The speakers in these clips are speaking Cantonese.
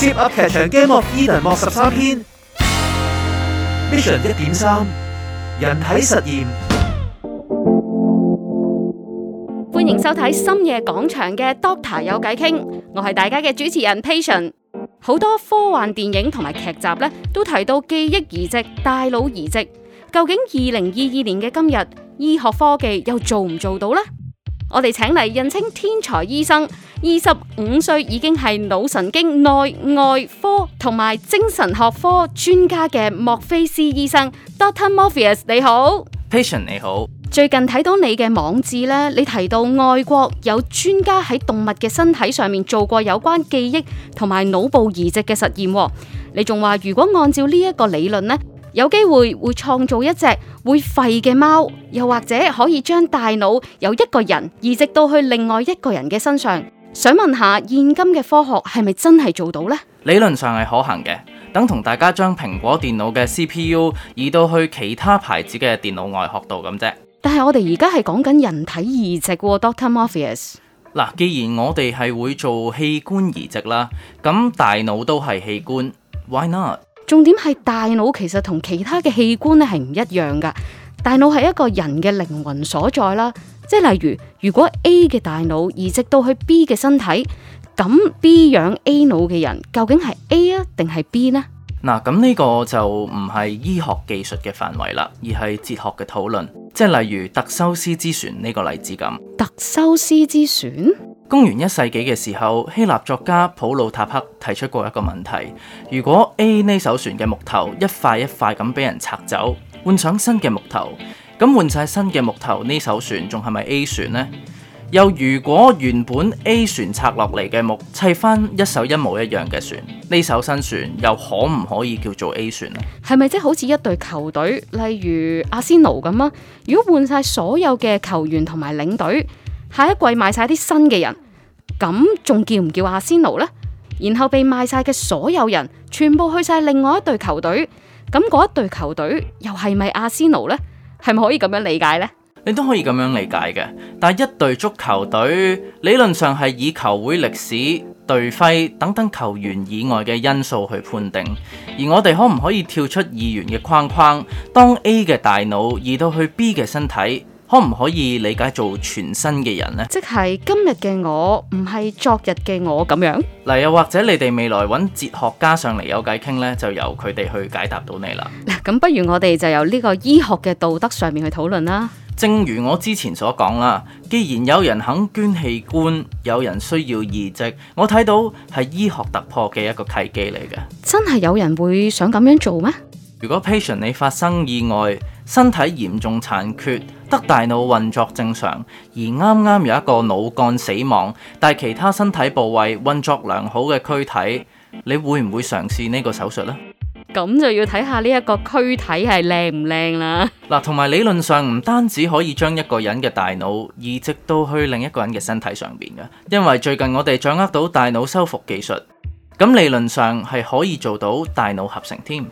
Zip 噏劇場 Game of Eden 莫十三篇 Mission 一點三人體實驗。歡迎收睇深夜講場嘅 Dr 有計傾，我係大家嘅主持人 Patient。好多科幻電影同埋劇集咧都提到記憶移植、大腦移植，究竟二零二二年嘅今日，醫學科技又做唔做到呢？我哋請嚟人稱天才醫生，二十五歲已經係腦神經內外科同埋精神學科專家嘅莫菲斯醫生，Doctor Morpheus 你好，Patient 你好。最近睇到你嘅網誌咧，你提到外國有專家喺動物嘅身體上面做過有關記憶同埋腦部移植嘅實驗，你仲話如果按照呢一個理論咧。有機會會創造一隻會吠嘅貓，又或者可以將大腦由一個人移植到去另外一個人嘅身上。想問下，現今嘅科學係咪真係做到呢？理論上係可行嘅，等同大家將蘋果電腦嘅 CPU 移到去其他牌子嘅電腦外殼度咁啫。但係我哋而家係講緊人體移植喎，Doctor Morpheus。嗱，既然我哋係會做器官移植啦，咁大腦都係器官，Why not？重點係大腦其實同其他嘅器官咧係唔一樣噶，大腦係一個人嘅靈魂所在啦。即係例如，如果 A 嘅大腦移植到去 B 嘅身體，咁 B 樣 A 腦嘅人究竟係 A 啊定係 B 呢？嗱，咁呢個就唔係醫學技術嘅範圍啦，而係哲學嘅討論。即係例如特修斯之船呢個例子咁，特修斯之船。公元一世紀嘅時候，希臘作家普魯塔克提出過一個問題：如果 A 呢艘船嘅木頭一塊一塊咁俾人拆走，換上新嘅木頭，咁換晒新嘅木頭，呢艘船仲係咪 A 船呢？又如果原本 A 船拆落嚟嘅木砌翻一艘一模一樣嘅船，呢艘新船又可唔可以叫做 A 船呢？係咪即好似一隊球隊，例如阿仙奴咁啊？如果換晒所有嘅球員同埋領隊？下一季賣晒啲新嘅人，咁仲叫唔叫阿仙奴呢？然後被賣晒嘅所有人，全部去晒另外一隊球隊，咁嗰一隊球隊又係咪阿仙奴呢？係咪可以咁樣理解呢？你都可以咁樣理解嘅，但係一隊足球隊理論上係以球會歷史、隊徽等等球員以外嘅因素去判定，而我哋可唔可以跳出二元嘅框框，當 A 嘅大腦移到去 B 嘅身體？可唔可以理解做全新嘅人呢？即係今日嘅我唔係昨日嘅我咁樣。嗱，又或者你哋未來揾哲學家上嚟有偈傾呢，就由佢哋去解答到你啦。嗱，咁，不如我哋就由呢個醫學嘅道德上面去討論啦。正如我之前所講啦，既然有人肯捐器官，有人需要移植，我睇到係醫學突破嘅一個契機嚟嘅。真係有人會想咁樣做咩？如果 patient 你發生意外，身體嚴重殘缺，得大腦運作正常，而啱啱有一個腦幹死亡，但其他身體部位運作良好嘅軀體，你會唔會嘗試呢個手術呢？咁就要睇下呢一個軀體係靚唔靚啦。嗱，同埋理論上唔單止可以將一個人嘅大腦移植到去另一個人嘅身體上邊嘅，因為最近我哋掌握到大腦修復技術，咁理論上係可以做到大腦合成添，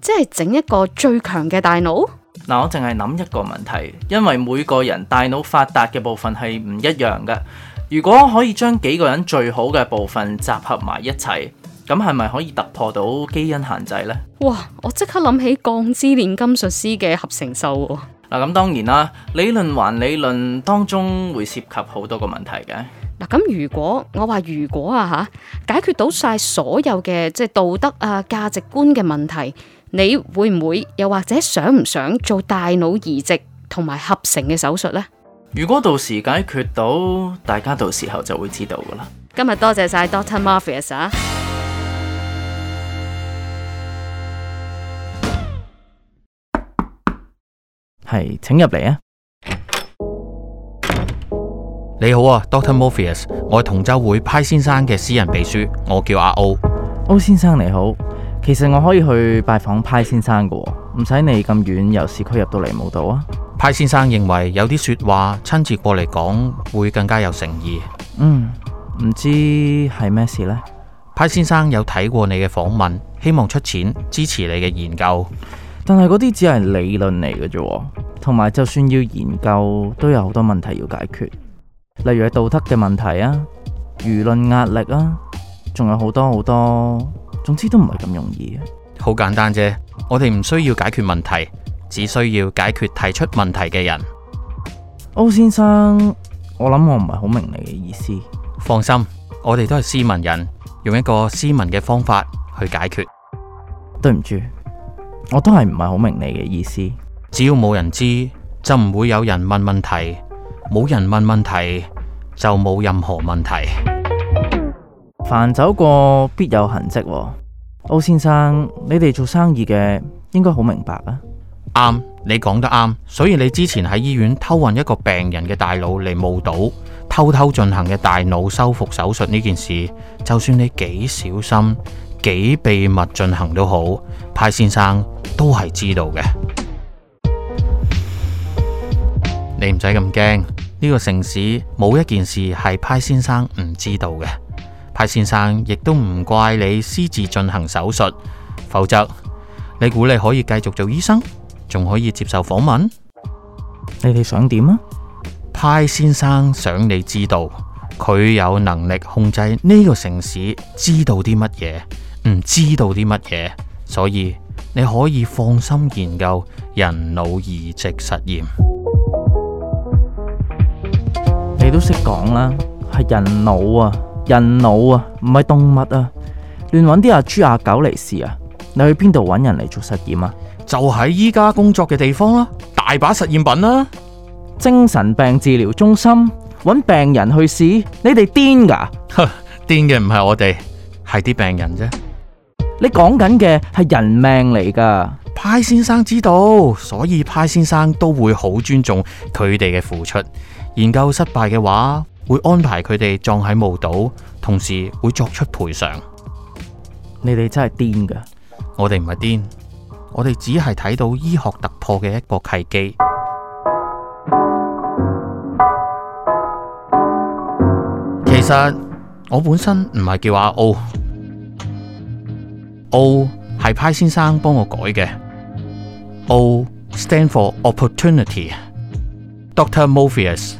即係整一個最強嘅大腦。嗱，我淨係諗一個問題，因為每個人大腦發達嘅部分係唔一樣嘅。如果可以將幾個人最好嘅部分集合埋一齊，咁係咪可以突破到基因限制呢？哇！我即刻諗起《鋼之煉金術師》嘅合成獸喎。嗱，咁當然啦，理論還理論，當中會涉及好多個問題嘅。嗱咁，如果我話如果啊吓，解決到晒所有嘅，即係道德啊、價值觀嘅問題，你會唔會又或者想唔想做大腦移植同埋合成嘅手術呢？如果到時解決到，大家到時候就會知道噶啦。今日多謝晒 Dr Morpheus 啊。係，請入嚟啊！你好啊，Doctor Morpheus，我係同舟會派先生嘅私人秘書，我叫阿歐。歐先生你好，其實我可以去拜訪派先生㗎，唔使你咁遠由市區入到嚟墓島啊。派先生認為有啲說話親自過嚟講，會更加有誠意。嗯，唔知係咩事呢？派先生有睇過你嘅訪問，希望出錢支持你嘅研究，但係嗰啲只係理論嚟嘅啫，同埋就算要研究都有好多問題要解決。例如係道德嘅問題啊，輿論壓力啊，仲有好多好多，總之都唔係咁容易。好簡單啫，我哋唔需要解決問題，只需要解決提出問題嘅人。O 先生，我諗我唔係好明你嘅意思。放心，我哋都係斯文人，用一個斯文嘅方法去解決。對唔住，我都係唔係好明你嘅意思。只要冇人知，就唔會有人問問題。冇人問問題就冇任何問題。凡走過必有痕迹。O 先生，你哋做生意嘅應該好明白啊。啱，你講得啱。所以你之前喺醫院偷運一個病人嘅大腦嚟墓島，偷偷進行嘅大腦修復手術呢件事，就算你幾小心、幾秘密進行都好，派先生都係知道嘅。你唔使咁驚。呢個城市冇一件事係 π 先生唔知道嘅，π 先生亦都唔怪你私自進行手術，否則你估你可以繼續做醫生，仲可以接受訪問？你哋想點啊？π 先生想你知道，佢有能力控制呢個城市，知道啲乜嘢，唔知道啲乜嘢，所以你可以放心研究人腦移植實驗。你都識講啦，係人腦啊，人腦啊，唔係動物啊，亂揾啲阿豬阿狗嚟試啊！你去邊度揾人嚟做實驗啊？就喺依家工作嘅地方啦，啊，大把實驗品啦，啊，精神病治療中心揾病人去試，你哋癲噶？癲嘅唔係我哋，係啲病人啫。你講緊嘅係人命嚟噶，π 先生知道，所以 π 先生都會好尊重佢哋嘅付出。研究失敗嘅話，會安排佢哋葬喺墓島，同時會作出賠償。你哋真係癲噶！我哋唔係癲，我哋只係睇到醫學突破嘅一個契機。 其實我本身唔係叫阿 O，O 係派先生幫我改嘅。O stand for opportunity, Dr Morpheus.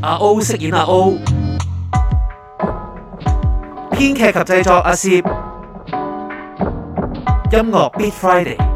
阿 O 飾演阿 O，編劇及製作阿攝，音樂 Beat Friday。